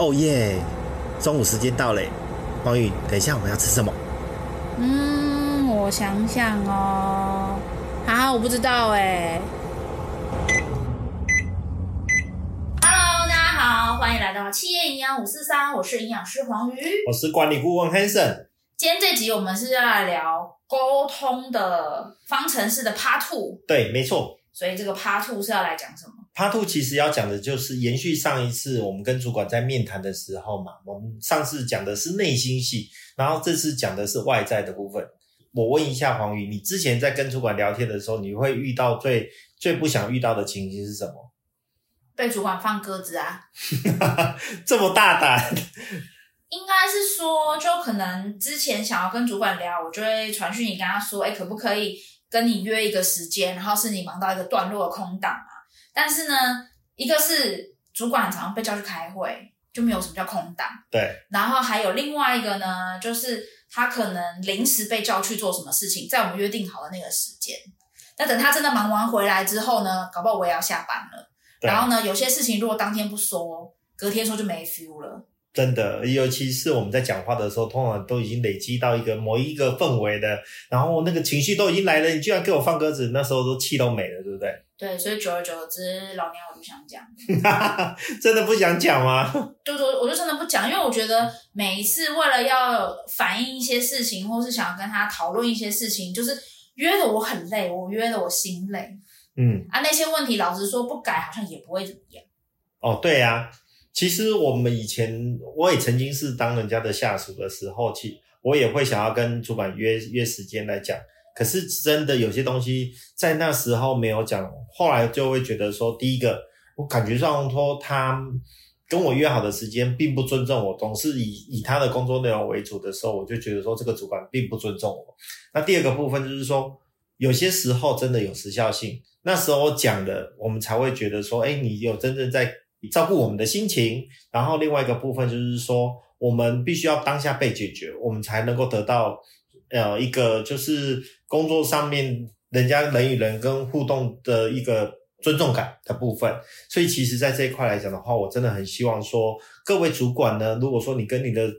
哦耶！中午時間到嘞，黃瑜，等一下我們要吃什麼？嗯，我想想哦，好、啊，我不知道哎。Hello，大家好，歡迎來到企業營養五四三，我是營養師黃瑜，我是管理顧問 Hanson。今天這集我們是要來聊溝通的方程式的 Part Two 對，沒錯。所以這個 Part Two 是要來講什麼？哈兔，其實要講的就是延續上一次我們跟主管在面談的時候嘛，我們上次講的是內心戲，然後這次講的是外在的部分。我問一下黃宇，你之前在跟主管聊天的時候，你會遇到最最不想遇到的情形是什麼？被主管放鴿子啊！哈哈哈，這麼大膽。嗯，應該是說，就可能之前想要跟主管聊，我就會傳訊你跟他說，哎、欸，可不可以跟你約一個時間？然後是你忙到一個段落的空檔啊。但是呢，一個是主管常常被叫去開會，就沒有什麼叫空檔。對。然後還有另外一個呢，就是他可能臨時被叫去做什麼事情，在我們約定好的那個時間。那等他真的忙完回來之後呢，搞不好我也要下班了。然後呢，有些事情如果當天不說，隔天說就沒 feel 了。真的，尤其是我們在講話的時候，通常都已經累積到一個某一個氛圍的，然後那個情緒都已經來了，你居然給我放鴿子，那時候都氣都沒了，對不對？對，所以久而久之，老娘我就不想講， 真的不想講嗎？就我我就真的不講，因為我覺得每一次為了要反映一些事情，或是想要跟他討論一些事情，就是約的我很累，我約的我心累，嗯啊，那些問題老實說不改，好像也不會怎麼樣。哦，對呀、啊。其實我們以前，我也曾經是當人家的下屬的時候，去我也會想要跟主管約約時間來講。可是真的有些東西在那時候沒有講，後來就會覺得說，第一個，我感覺上說他跟我約好的時間並不尊重我，總是以以他的工作內容為主的時候，我就覺得說這個主管並不尊重我。那第二個部分就是說，有些時候真的有時效性，那時候講的，我們才會覺得說，哎，你有真正在。照顧我們的心情，然後另外一個部分就是說，我們必須要當下被解決，我們才能夠得到，呃，一個就是工作上面人家人與人跟互動的一個尊重感的部分。所以其實，在這一塊來講的話，我真的很希望說，各位主管呢，如果說你跟你的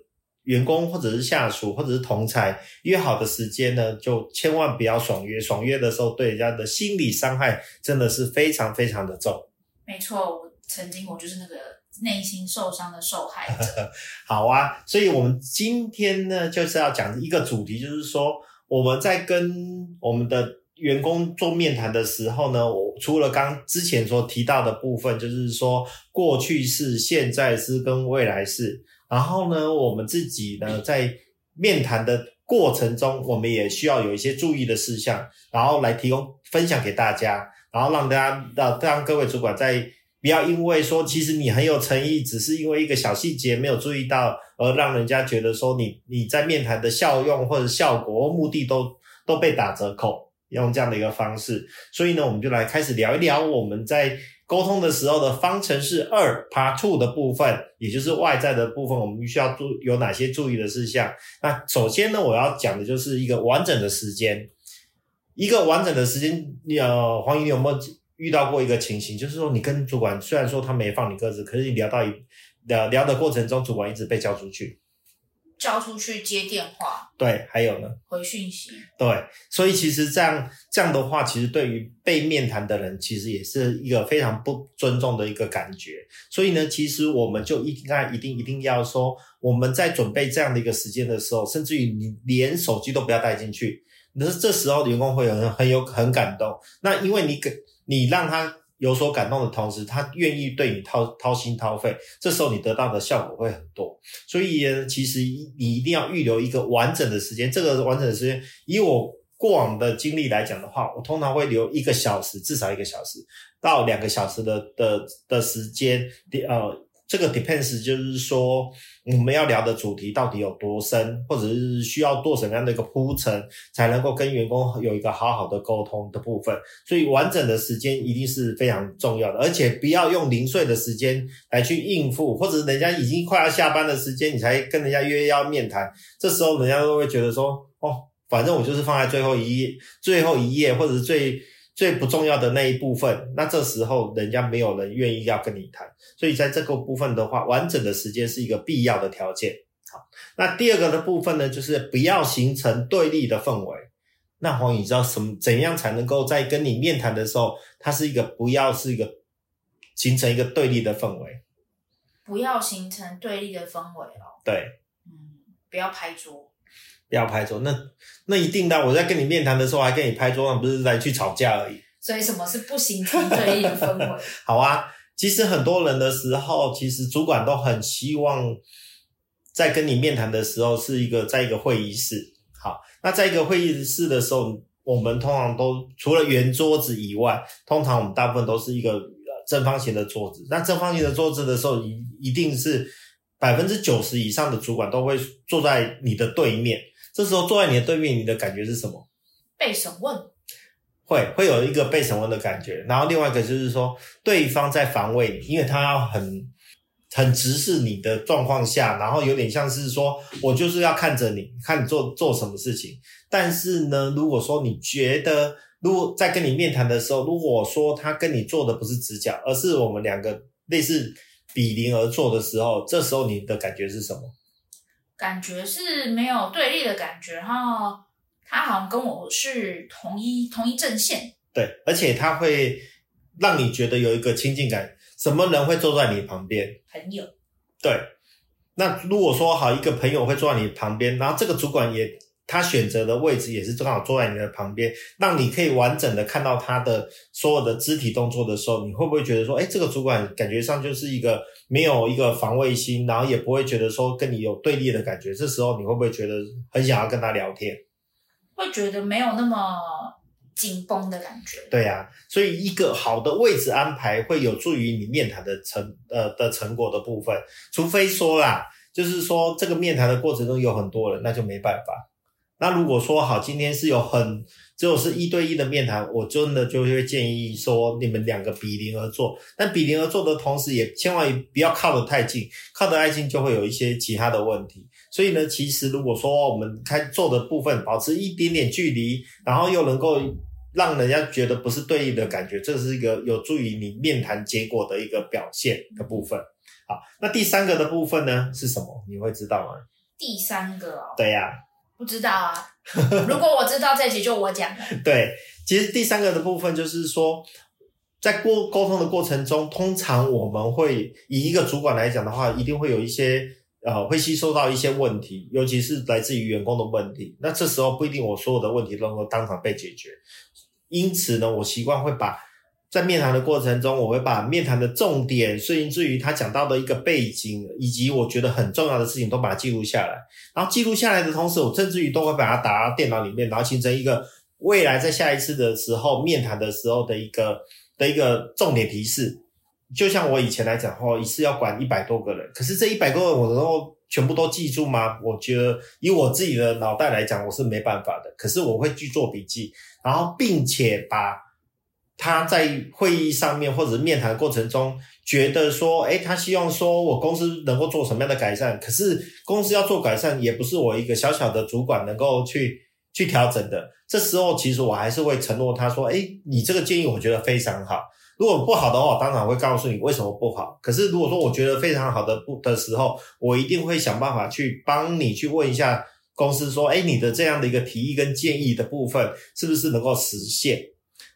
員工或者是下屬或者是同才約好的時間呢，就千萬不要爽約。爽約的時候，對人家的心理傷害真的是非常非常的重。沒錯，我曾經我就是那個內心受傷的受害者。 好啊，所以我們今天呢就是要講一個主題，就是說我們在跟我們的員工做面談的時候呢，我除了剛之前所提到的部分，就是說過去式、現在式跟未來式。然後呢，我們自己呢在面談的過程中，我們也需要有一些注意的事項，然後來提供分享給大家。然後讓大家讓讓各位主管在，不要因為說其實你很有誠意，只是因為一個小細節沒有注意到，而讓人家覺得說你你在面談的效用或者效果目的都都被打折扣，用這樣的一個方式。所以呢，我們就來開始聊一聊我們在溝通的時候的方程式二 Part Two 的部分，也就是外在的部分，我們需要注有哪些注意的事項。那首先呢，我要講的就是一個完整的時間。一個完整的時間，呃，黃宇，你有沒有遇到過一個情形，就是說你跟主管雖然說他沒放你鴿子，可是你聊到一聊聊的過程中，主管一直被叫出去，叫出去接電話，對，還有呢，回訊息，對，所以其實這樣這樣的話，其實對於被面談的人，其實也是一個非常不尊重的一個感覺。所以呢，其實我們就應該一定一定要說，我們在準備這樣的一個時間的時候，甚至於你連手機都不要帶進去。只是這時候的員工會很很有很感動，那因為你給你讓他有所感動的同時，他願意對你掏掏心掏肺，這時候你得到的效果會很多。所以其實你一定要預留一個完整的時間，這個完整的時間，以我過往的經歷來講的話，我通常會留一個小時，至少一個小時到兩個小時的的的時間，呃。這個 depends 就是說，我們要聊的主題到底有多深，或者是需要做什麼樣的一個鋪陳，才能夠跟員工有一個好好的溝通的部分。所以，完整的時間一定是非常重要的，而且不要用零碎的時間來去應付，或者是人家已經快要下班的時間，你才跟人家約要面談，這時候人家都會覺得說，哦，反正我就是放在最後一頁，最後一頁，或者是最。最不重要的那一部分，那這時候人家沒有人願意要跟你談，所以在這個部分的話，完整的時間是一個必要的條件。好，那第二個的部分呢，就是不要形成對立的氛圍。那黃宇，你知道什麼？怎樣才能夠在跟你面談的時候，它是一個不要是一個形成一個對立的氛圍？不要形成對立的氛圍哦。對，嗯，不要拍桌。不要拍桌，那那一定的。我在跟你面談的時候，我還跟你拍桌上，不是來去吵架而已。所以，什麼是不行的？團隊氛圍好啊。其實很多人的時候，其實主管都很希望在跟你面談的時候是一個在一個會議室。好，那在一個會議室的時候，我們通常都除了圓桌子以外，通常我們大部分都是一個正方形的桌子。那正方形的桌子的時候，一一定是百分之九十以上的主管都會坐在你的對面。這時候坐在你的對面，你的感覺是什麼？被審問，會會有一個被審問的感覺。然後另外一個就是說，對方在防衛你，因為他要很很直視你的狀況下，然後有點像是說我就是要看着你，看你做做什麼事情。但是呢，如果說你覺得，如果在跟你面談的時候，如果說他跟你坐的不是直角，而是我們兩個類似比鄰而坐的時候，這時候你的感覺是什麼？感覺是沒有對立的感覺，然後他好像跟我是同一同一陣線，對，而且他會讓你覺得有一個親近感。什麼人會坐在你旁邊？朋友。對，那如果說好一個朋友會坐在你旁邊，然後這個主管也。他選擇的位置也是正好坐在你的旁邊，讓你可以完整的看到他的所有的肢體動作的時候，你會不會覺得說，欸，這個主管感覺上就是一個沒有一個防衛心，然後也不會覺得說跟你有對立的感覺，這時候你會不會覺得很想要跟他聊天？會覺得沒有那麼緊繃的感覺。對啊，所以一個好的位置安排會有助於你面談的成，呃，的成果的部分，除非說啦，就是說這個面談的過程中有很多人，那就沒辦法。那如果說好，今天是有很，只有是一對一的面談，我真的就會建議說，你們兩個比鄰而坐，但比鄰而坐的同時，也千萬不要靠得太近，靠得太近就會有一些其他的問題。所以呢，其實如果說我們開坐的部分，保持一點點距離，然後又能夠讓人家覺得不是對應的感覺，這是一個有助於你面談結果的一個表現的部分。好，那第三個的部分呢是什麼？你會知道嗎？第三個哦，對呀、啊。不知道啊，如果我知道 這集就我講。對，其實第三個的部分就是說，在溝溝通的過程中，通常我們會以一個主管來講的話，一定會有一些呃，會吸收到一些問題，尤其是來自於員工的問題。那這時候不一定我所有的問題都能夠當場被解決，因此呢，我習慣會把。在面談的過程中，我會把面談的重點，甚至於他講到的一個背景，以及我覺得很重要的事情，都把它記錄下來。然後記錄下來的同時，我甚至於都會把它打到電腦裡面，然後形成一個未來在下一次的時候面談的時候的一個的一個重點提示。就像我以前來講話，一次要管一百多個人，可是這一百多個人我能夠全部都記住嗎？我覺得以我自己的腦袋來講，我是沒辦法的。可是我會去做筆記，然後並且把。他在會議上面或者是面談的過程中，覺得說，誒，他希望說我公司能夠做什麼樣的改善，可是公司要做改善，也不是我一個小小的主管能夠去去調整的。這時候，其實我還是會承諾他說，誒，你這個建議我覺得非常好，如果不好的話，我當然會告訴你為什麼不好。可是如果說我覺得非常好的不的時候，我一定會想辦法去幫你去問一下公司，說，誒，你的這樣的一個提議跟建議的部分，是不是能夠實現？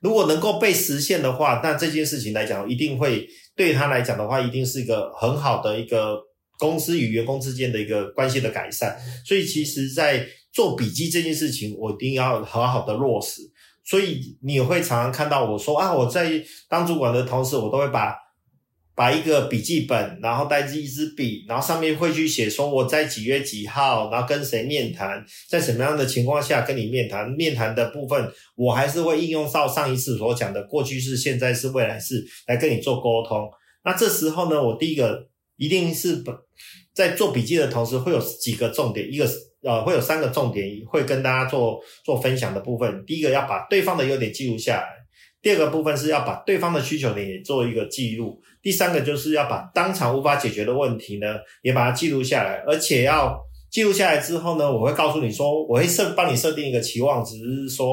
如果能夠被實現的話，那這件事情來講，一定會對他來講的話，一定是一個很好的一個公司與員工之間的一個關係的改善。所以，其實，在做筆記這件事情，我一定要很好的落實。所以，你會常常看到我說啊，我在當主管的同時，我都會把。把一個筆記本，然後帶着一支筆，然後上面會去寫說我在幾月幾號，然後跟誰面談，在什麼樣的情況下跟你面談。面談的部分，我還是會應用到上一次所講的過去式、現在式、未來式來跟你做溝通。那這時候呢，我第一個一定是在做筆記的同時會有幾個重點，一個是呃會有三個重點會跟大家做做分享的部分。第一個要把對方的優點記錄下來。第二個部分是要把對方的需求點也做一個記錄，第三個就是要把當場無法解決的問題呢也把它記錄下來，而且要記錄下來之後呢，我會告訴你說，我會設幫你設定一個期望值，只是說，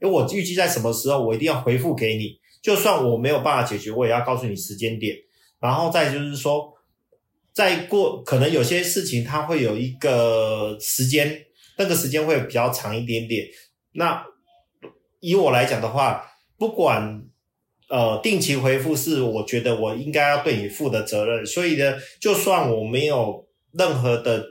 誒，我預計在什麼時候我一定要回復給你，就算我沒有辦法解決，我也要告訴你時間點。然後再就是說，再過可能有些事情它會有一個時間，那個時間會比較長一點點。那以我來講的話。不管，呃，定期回復是我覺得我應該要對你負的責任，所以呢，就算我沒有任何的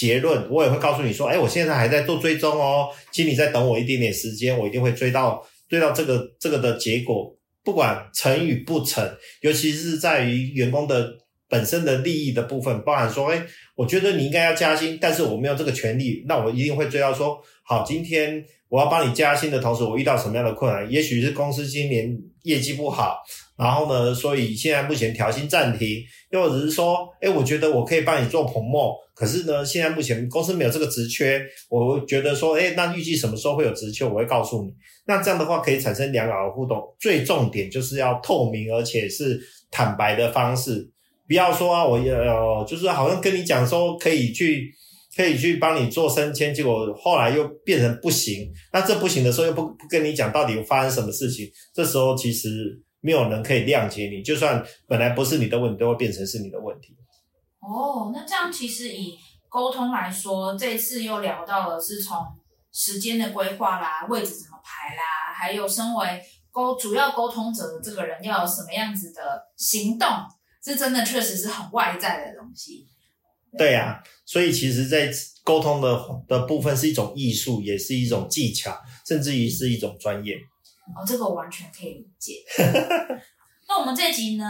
結論，我也會告訴你說，哎，我現在還在做追蹤哦，請你再等我一點點時間，我一定會追到，追到這個這個的結果，不管成與不成，尤其是在於員工的本身的利益的部分，包含說，哎，我覺得你應該要加薪，但是我沒有這個權利，那我一定會追到說。好，今天我要幫你加薪的同時，我遇到什麼樣的困難？也許是公司今年業績不好，然後呢，所以現在目前調薪暫停。又或者是說，誒，我覺得我可以幫你做 promo，可是呢，現在目前公司沒有這個職缺。我覺得說，誒，那預計什麼時候會有職缺，我會告訴你。那這樣的話可以產生良好的互動。最重點就是要透明，而且是坦白的方式，不要說啊，我呃，就是好像跟你講說可以去。可以去幫你做升遷，結果後來又變成不行。那這不行的時候，又不不跟你講到底發生什麼事情。這時候其實沒有人可以諒解你。就算本來不是你的問題，都會變成是你的問題。哦，那這樣其實以溝通來說，這次又聊到了是從時間的規劃啦、位置怎麼排啦，還有身為溝主要溝通者的這個人要有什麼樣子的行動，這真的確實是很外在的東西。對啊，所以其實，在溝通的的部分是一種藝術，也是一種技巧，甚至於是一種專業。哦，這個我完全可以理解。 那我們這集呢，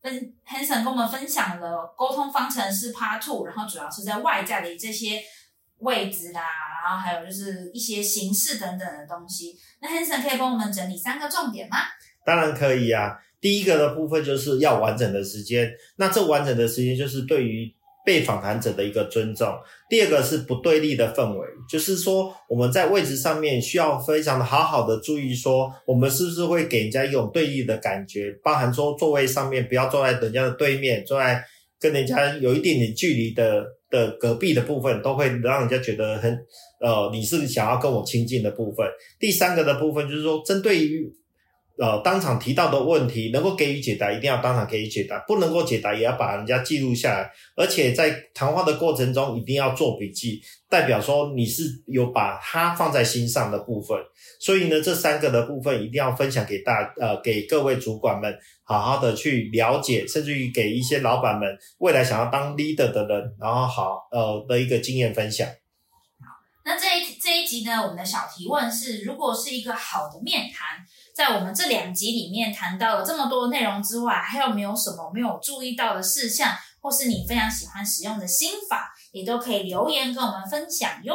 跟 Hanson 跟我們分享了溝通方程式 Part Two，然後主要是在外在的這些位置啦，然後還有就是一些形式等等的東西。那 Hanson 可以幫我們整理三個重點嗎？當然可以啊。第一個的部分就是要完整的時間，那這完整的時間就是對於。被訪談者的一個尊重，第二個是不對立的氛圍，就是說我們在位置上面需要非常的好好的注意，說我們是不是會給人家一種對立的感覺，包含說座位上面不要坐在人家的對面，坐在跟人家有一點點距離的的隔壁的部分，都會讓人家覺得很呃，你是不是想要跟我親近的部分。第三個的部分就是說針對於。呃，當場提到的問題能夠給予解答，一定要當場給予解答；不能夠解答，也要把人家記錄下來。而且在談話的過程中，一定要做筆記，代表說你是有把他放在心上的部分。所以呢，這三個的部分一定要分享給大呃，給各位主管們好好的去了解，甚至於給一些老闆們未來想要當 leader 的人，然後好呃的一個經驗分享。好，那這一這一集呢，我們的小提問是：如果是一個好的面談。在我們這兩集裡面談到了這麼多的內容之外，還有沒有什麼沒有注意到的事項，或是你非常喜歡使用的心法，也都可以留言跟我們分享喲。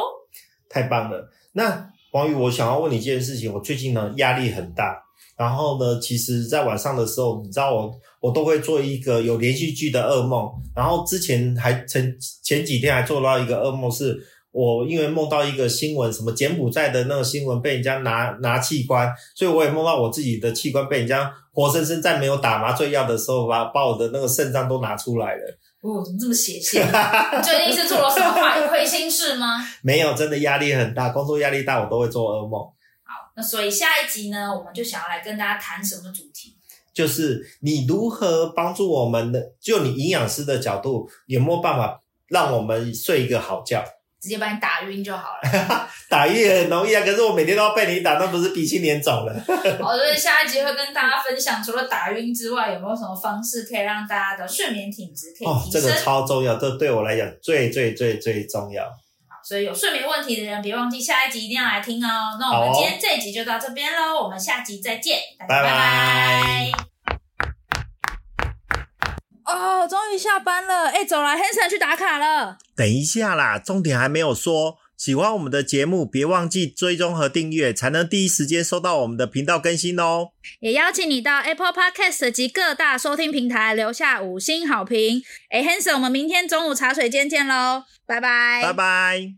太棒了！那王宇，我想要問你一件事情，我最近呢壓力很大，然後呢，其實在晚上的時候，你知道我我都會做一個有連續劇的噩夢，然後之前還前前幾天還做到一個噩夢是。我因為夢到一個新聞，什麼柬埔寨的那個新聞被人家拿拿器官，所以我也夢到我自己的器官被人家活生生在沒有打麻醉藥的時候把，把把我的那個腎臟都拿出來了。哦，怎麼這麼邪氣？ 最近是做了什麼壞虧心事嗎？ 沒有，真的壓力很大，工作壓力大，我都會做噩夢。好，那所以下一集呢，我們就想要來跟大家談什麼主題？就是你如何幫助我們的，就你營養師的角度，有沒有辦法讓我們睡一個好覺？直接把你打暈就好了， 打暈也很容易啊。可是我每天都要被你打，那不是鼻青臉腫了？ 好，所以下一集會跟大家分享，除了打暈之外，有沒有什麼方式可以讓大家的睡眠品質可以提升？哦，這個超重要，這對我來講最最最最重要。好，所以有睡眠問題的人，別忘記下一集一定要來聽哦。那我們今天這一集就到這邊嘍，哦，我們下集再見，拜拜。Bye bye 哦，終於下班了！哎，走了，Hanson 去打卡了。等一下啦，重點還沒有說。喜歡我們的節目，別忘記追蹤和訂閱，才能第一時間收到我們的頻道更新哦。也邀請你到 Apple Podcast 及各大收聽平台留下五星好評。哎，Hanson，我們明天中午茶水間見嘍，拜拜，拜拜。